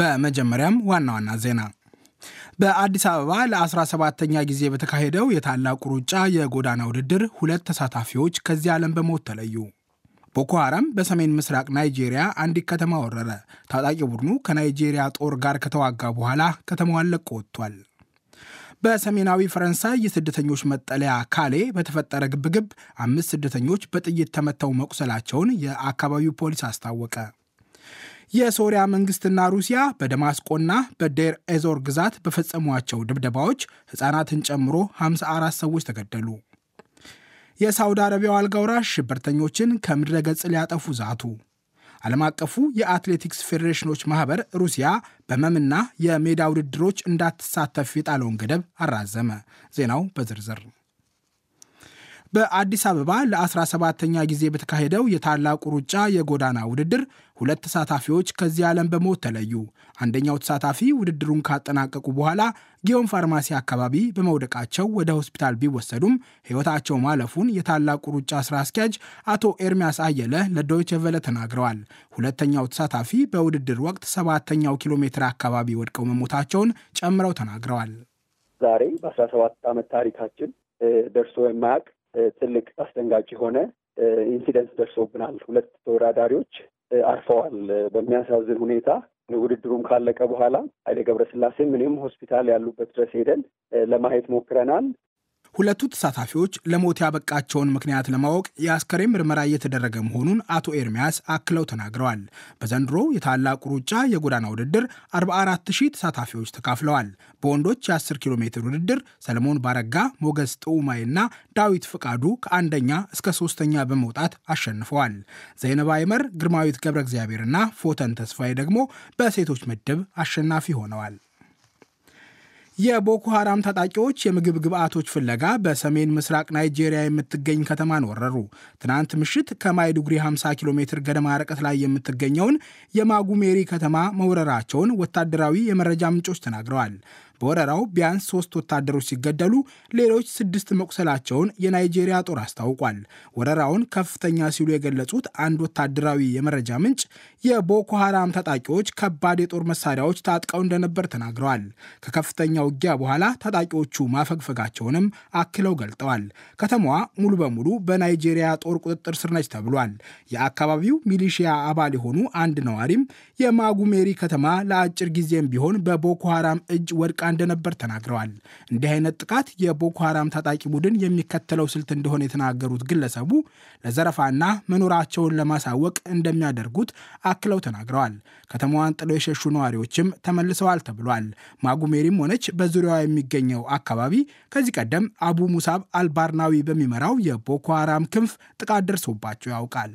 በመጀመሪያም ዋና ዋና ዜና በአዲስ አበባ ለ 17 ተኛ ጊዜ በተካሄደው የታላቁ ሩጫ የጎዳና ውድድር ሁለት ተሳታፊዎች ከዚህ ዓለም በሞት ተለዩ። ቦኮ ሐራም በሰሜን ምስራቅ ናይጄሪያ አንዲት ከተማ ወረረ። ታጣቂ ቡድኑ ከናይጄሪያ ጦር ጋር ከተዋጋ በኋላ ከተማዋን ለቆ ወጥቷል። በሰሜናዊ ፈረንሳይ የስደተኞች መጠለያ ካሌ በተፈጠረ ግብግብ አምስት ስደተኞች በጥይት ተመተው መቁሰላቸውን የአካባቢው ፖሊስ አስታወቀ። የሶሪያ መንግስትና ሩሲያ በደማስቆና በዴር ኤዞር ግዛት በፈጸሟቸው ድብደባዎች ሕፃናትን ጨምሮ 54 ሰዎች ተገደሉ። የሳውዲ አረቢያው አልጋ ወራሽ ሽብርተኞችን ከምድረ ገጽ ሊያጠፉ ዛቱ። ዓለም አቀፉ የአትሌቲክስ ፌዴሬሽኖች ማኅበር ሩሲያ በመምና የሜዳ ውድድሮች እንዳትሳተፍ የጣለውን ገደብ አራዘመ። ዜናው በዝርዝር በአዲስ አበባ ለ 17 ተኛ ጊዜ በተካሄደው የታላቁ ሩጫ የጎዳና ውድድር ሁለት ተሳታፊዎች ከዚህ ዓለም በሞት ተለዩ። አንደኛው ተሳታፊ ውድድሩን ካጠናቀቁ በኋላ ጊዮን ፋርማሲ አካባቢ በመውደቃቸው ወደ ሆስፒታል ቢወሰዱም ሕይወታቸው ማለፉን የታላቁ ሩጫ ስራ አስኪያጅ አቶ ኤርሚያስ አየለ ለዶይቼ ቬለ ተናግረዋል። ሁለተኛው ተሳታፊ በውድድር ወቅት ሰባተኛው ኪሎ ሜትር አካባቢ ወድቀው መሞታቸውን ጨምረው ተናግረዋል። ዛሬ በ17 ዓመት ታሪካችን ደርሶ የማያውቅ ትልቅ አስደንጋጭ የሆነ ኢንሲደንት ደርሶብናል። ሁለት ተወዳዳሪዎች አርፈዋል በሚያሳዝን ሁኔታ። ውድድሩም ካለቀ በኋላ ኃይሌ ገብረስላሴ ምንም ሆስፒታል ያሉበት ድረስ ሄደን ለማየት ሞክረናል። ሁለቱ ተሳታፊዎች ለሞት ያበቃቸውን ምክንያት ለማወቅ የአስከሬን ምርመራ እየተደረገ መሆኑን አቶ ኤርሚያስ አክለው ተናግረዋል። በዘንድሮ የታላቁ ሩጫ የጎዳና ውድድር 440 ተሳታፊዎች ተካፍለዋል። በወንዶች የ10 ኪሎ ሜትር ውድድር ሰለሞን ባረጋ፣ ሞገስ ጥዑማይና ዳዊት ፍቃዱ ከአንደኛ እስከ ሶስተኛ በመውጣት አሸንፈዋል። ዘይነባ ይመር፣ ግርማዊት ገብረ እግዚአብሔርና ፎተን ተስፋዬ ደግሞ በሴቶች ምድብ አሸናፊ ሆነዋል። የቦኮ ሀራም ታጣቂዎች የምግብ ግብዓቶች ፍለጋ በሰሜን ምስራቅ ናይጄሪያ የምትገኝ ከተማን ወረሩ። ትናንት ምሽት ከማይዱጉሪ 50 ኪሎ ሜትር ገደማ ርቀት ላይ የምትገኘውን የማጉሜሪ ከተማ መውረራቸውን ወታደራዊ የመረጃ ምንጮች ተናግረዋል። በወረራው ቢያንስ ሶስት ወታደሮች ሲገደሉ ሌሎች ስድስት መቁሰላቸውን የናይጄሪያ ጦር አስታውቋል። ወረራውን ከፍተኛ ሲሉ የገለጹት አንድ ወታደራዊ የመረጃ ምንጭ የቦኮ ታጣቂዎች ከባድ የጦር መሳሪያዎች ታጥቀው እንደነበር ተናግረዋል። ከከፍተኛ ውጊያ በኋላ ታጣቂዎቹ ማፈግፈጋቸውንም አክለው ገልጠዋል። ከተማዋ ሙሉ በሙሉ በናይጄሪያ ጦር ቁጥጥር ስር ነች ተብሏል። የአካባቢው ሚሊሺያ አባል የሆኑ አንድ ነዋሪም የማጉሜሪ ከተማ ለአጭር ጊዜም ቢሆን በቦኮ እጅ ወድቃ እንደነበር ተናግረዋል። እንዲህ አይነት ጥቃት የቦኮ ታጣቂ ቡድን የሚከተለው ስልት እንደሆነ የተናገሩት ግለሰቡ ለዘረፋና መኖራቸውን ለማሳወቅ እንደሚያደርጉት አክለው ተናግረዋል። ከተማዋን ጥለው የሸሹ ነዋሪዎችም ተመልሰዋል ተብሏል። ማጉሜሪም ሆነች በዙሪያዋ የሚገኘው አካባቢ ከዚህ ቀደም አቡ ሙሳብ አልባርናዊ በሚመራው የቦኮ ክንፍ ጥቃት ደርሶባቸው ያውቃል።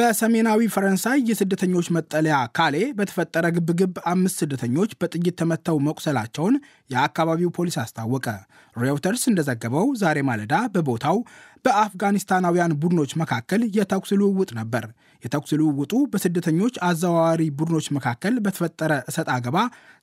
በሰሜናዊ ፈረንሳይ የስደተኞች መጠለያ ካሌ በተፈጠረ ግብግብ አምስት ስደተኞች በጥይት ተመተው መቁሰላቸውን የአካባቢው ፖሊስ አስታወቀ። ሬውተርስ እንደዘገበው ዛሬ ማለዳ በቦታው በአፍጋኒስታናውያን ቡድኖች መካከል የተኩስ ልውውጥ ነበር። የተኩስ ልውውጡ በስደተኞች አዘዋዋሪ ቡድኖች መካከል በተፈጠረ እሰጥ አገባ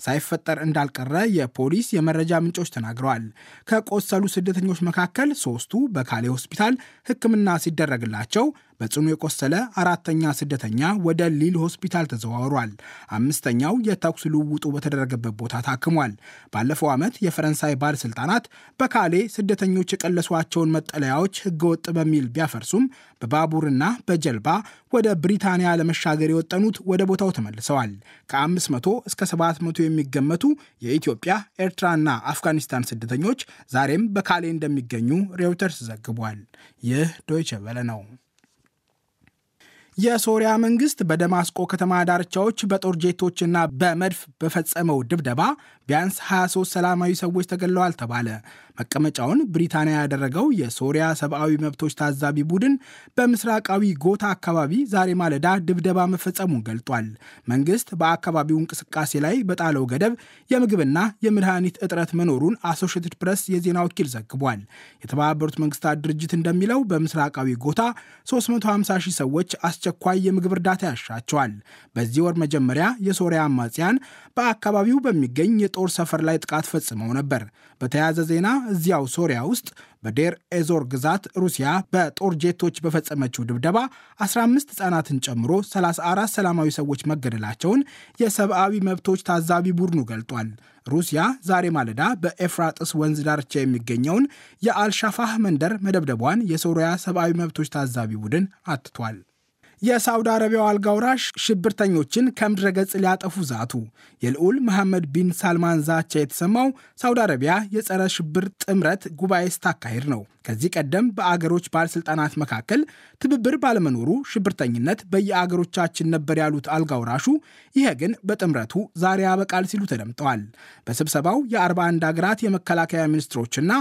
ሳይፈጠር እንዳልቀረ የፖሊስ የመረጃ ምንጮች ተናግረዋል። ከቆሰሉ ስደተኞች መካከል ሶስቱ በካሌ ሆስፒታል ሕክምና ሲደረግላቸው በጽኑ የቆሰለ አራተኛ ስደተኛ ወደ ሊል ሆስፒታል ተዘዋውሯል። አምስተኛው የተኩስ ልውውጡ በተደረገበት ቦታ ታክሟል። ባለፈው ዓመት የፈረንሳይ ባለሥልጣናት በካሌ ስደተኞች የቀለሷቸውን መጠለያዎች ህገወጥ በሚል ቢያፈርሱም በባቡርና በጀልባ ወደ ብሪታንያ ለመሻገር የወጠኑት ወደ ቦታው ተመልሰዋል። ከ500 እስከ 700 የሚገመቱ የኢትዮጵያ ኤርትራና አፍጋኒስታን ስደተኞች ዛሬም በካሌ እንደሚገኙ ሬውተርስ ዘግቧል። ይህ ዶይቸ ቬለ ነው። የሶሪያ መንግስት በደማስቆ ከተማ ዳርቻዎች በጦር ጄቶችና በመድፍ በፈጸመው ድብደባ ቢያንስ 23 ሰላማዊ ሰዎች ተገለዋል ተባለ። መቀመጫውን ብሪታንያ ያደረገው የሶሪያ ሰብአዊ መብቶች ታዛቢ ቡድን በምስራቃዊ ጎታ አካባቢ ዛሬ ማለዳ ድብደባ መፈጸሙን ገልጧል። መንግስት በአካባቢው እንቅስቃሴ ላይ በጣለው ገደብ የምግብና የመድኃኒት እጥረት መኖሩን አሶሽትድ ፕሬስ የዜና ወኪል ዘግቧል። የተባበሩት መንግስታት ድርጅት እንደሚለው በምስራቃዊ ጎታ 350 ሺህ ሰዎች አስ አስቸኳይ የምግብ እርዳታ ያሻቸዋል። በዚህ ወር መጀመሪያ የሶሪያ አማጽያን በአካባቢው በሚገኝ የጦር ሰፈር ላይ ጥቃት ፈጽመው ነበር። በተያያዘ ዜና እዚያው ሶሪያ ውስጥ በዴር ኤዞር ግዛት ሩሲያ በጦር ጄቶች በፈጸመችው ድብደባ 15 ሕጻናትን ጨምሮ 34 ሰላማዊ ሰዎች መገደላቸውን የሰብአዊ መብቶች ታዛቢ ቡድኑ ገልጧል። ሩሲያ ዛሬ ማለዳ በኤፍራጥስ ወንዝ ዳርቻ የሚገኘውን የአልሻፋህ መንደር መደብደቧን የሶሪያ ሰብአዊ መብቶች ታዛቢ ቡድን አትቷል። የሳውዲ አረቢያው አልጋ ሽብርተኞችን ከምድረ ገጽ ሊያጠፉ ዛቱ። የልዑል መሐመድ ቢን ሳልማን ዛቻ የተሰማው ሳውዲ አረቢያ የጸረ ሽብር ጥምረት ጉባኤ ስታካሄድ ነው። ከዚህ ቀደም በአገሮች ባለሥልጣናት መካከል ትብብር ባለመኖሩ ሽብርተኝነት በየአገሮቻችን ነበር ያሉት አልጋውራሹ ይሄ ግን በጥምረቱ ዛሬ ያበቃል ሲሉ ተደምጠዋል። በስብሰባው የ41 አገራት የመከላከያ ሚኒስትሮችና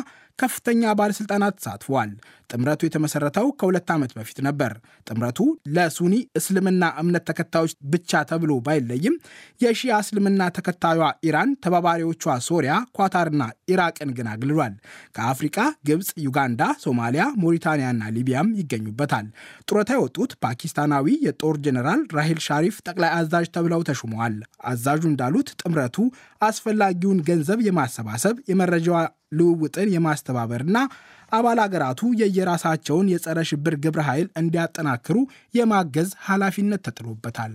ከፍተኛ ባለሥልጣናት ተሳትፈዋል። ጥምረቱ የተመሠረተው ከሁለት ዓመት በፊት ነበር። ጥምረቱ ለሱኒ እስልምና እምነት ተከታዮች ብቻ ተብሎ ባይለይም የሺያ እስልምና ተከታዩዋ ኢራን፣ ተባባሪዎቿ ሶሪያ፣ ኳታርና ኢራቅን ግን አግልሏል። ከአፍሪቃ ግብፅ፣ ዩጋንዳ ኡጋንዳ፣ ሶማሊያ፣ ሞሪታንያና ሊቢያም ይገኙበታል። ጡረታ የወጡት ፓኪስታናዊ የጦር ጀኔራል ራሂል ሻሪፍ ጠቅላይ አዛዥ ተብለው ተሹመዋል። አዛዡ እንዳሉት ጥምረቱ አስፈላጊውን ገንዘብ የማሰባሰብ የመረጃ ልውውጥን የማስተባበርና አባል አገራቱ የየራሳቸውን የጸረ ሽብር ግብረ ኃይል እንዲያጠናክሩ የማገዝ ኃላፊነት ተጥሎበታል።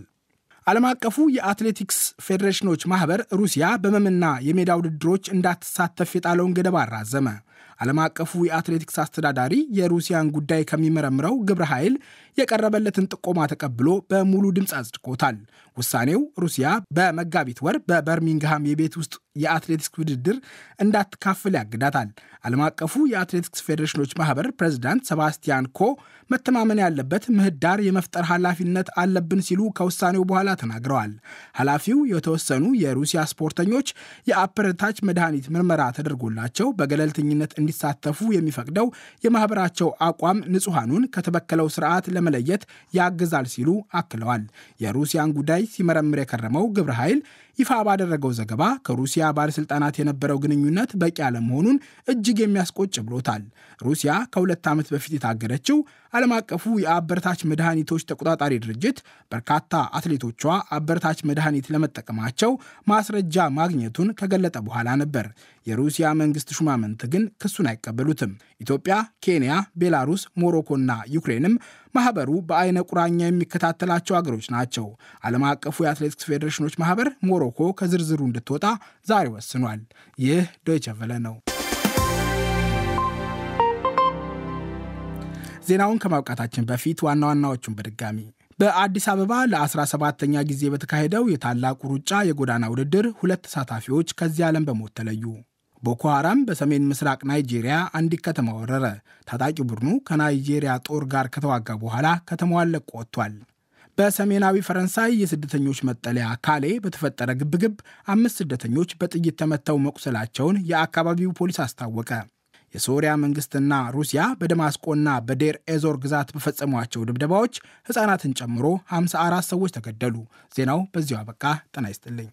ዓለም አቀፉ የአትሌቲክስ ፌዴሬሽኖች ማኅበር ሩሲያ በመምና የሜዳ ውድድሮች እንዳትሳተፍ የጣለውን ገደብ አራዘመ። ዓለም አቀፉ የአትሌቲክስ አስተዳዳሪ የሩሲያን ጉዳይ ከሚመረምረው ግብረ ኃይል የቀረበለትን ጥቆማ ተቀብሎ በሙሉ ድምፅ አጽድቆታል። ውሳኔው ሩሲያ በመጋቢት ወር በበርሚንግሃም የቤት ውስጥ የአትሌቲክስ ውድድር እንዳትካፍል ያግዳታል። ዓለም አቀፉ የአትሌቲክስ ፌዴሬሽኖች ማህበር ፕሬዚዳንት ሰባስቲያን ኮ መተማመን ያለበት ምህዳር የመፍጠር ኃላፊነት አለብን ሲሉ ከውሳኔው በኋላ ተናግረዋል። ኃላፊው የተወሰኑ የሩሲያ ስፖርተኞች የአበረታች መድኃኒት ምርመራ ተደርጎላቸው በገለልተኝነት እንዲ እንዲሳተፉ የሚፈቅደው የማህበራቸው አቋም ንጹሐኑን ከተበከለው ስርዓት ለመለየት ያግዛል ሲሉ አክለዋል። የሩሲያን ጉዳይ ሲመረምር የከረመው ግብረ ኃይል ይፋ ባደረገው ዘገባ ከሩሲያ ባለስልጣናት የነበረው ግንኙነት በቂ አለመሆኑን እጅግ የሚያስቆጭ ብሎታል። ሩሲያ ከሁለት ዓመት በፊት የታገደችው ዓለም አቀፉ የአበረታች መድኃኒቶች ተቆጣጣሪ ድርጅት በርካታ አትሌቶቿ አበረታች መድኃኒት ለመጠቀማቸው ማስረጃ ማግኘቱን ከገለጠ በኋላ ነበር። የሩሲያ መንግስት ሹማምንት ግን ክሱን አይቀበሉትም። ኢትዮጵያ፣ ኬንያ፣ ቤላሩስ፣ ሞሮኮና ዩክሬንም ማህበሩ በአይነ ቁራኛ የሚከታተላቸው አገሮች ናቸው። ዓለም አቀፉ የአትሌቲክስ ፌዴሬሽኖች ማህበር ሞሮኮ ከዝርዝሩ እንድትወጣ ዛሬ ወስኗል። ይህ ዶይቸ ቨለ ነው። ዜናውን ከማብቃታችን በፊት ዋና ዋናዎቹን በድጋሚ በአዲስ አበባ ለ17ተኛ ጊዜ በተካሄደው የታላቁ ሩጫ የጎዳና ውድድር ሁለት ተሳታፊዎች ከዚህ ዓለም በሞት ተለዩ። ቦኮ ሐራም በሰሜን ምስራቅ ናይጄሪያ አንዲት ከተማ ወረረ። ታጣቂ ቡድኑ ከናይጄሪያ ጦር ጋር ከተዋጋ በኋላ ከተማዋን ለቆ ወጥቷል። በሰሜናዊ ፈረንሳይ የስደተኞች መጠለያ ካሌ በተፈጠረ ግብግብ አምስት ስደተኞች በጥይት ተመተው መቁሰላቸውን የአካባቢው ፖሊስ አስታወቀ። የሶሪያ መንግስትና ሩሲያ በደማስቆና በዴር ኤዞር ግዛት በፈጸሟቸው ድብደባዎች ሕፃናትን ጨምሮ 54 ሰዎች ተገደሉ። ዜናው በዚያው አበቃ። ጤና ይስጥልኝ።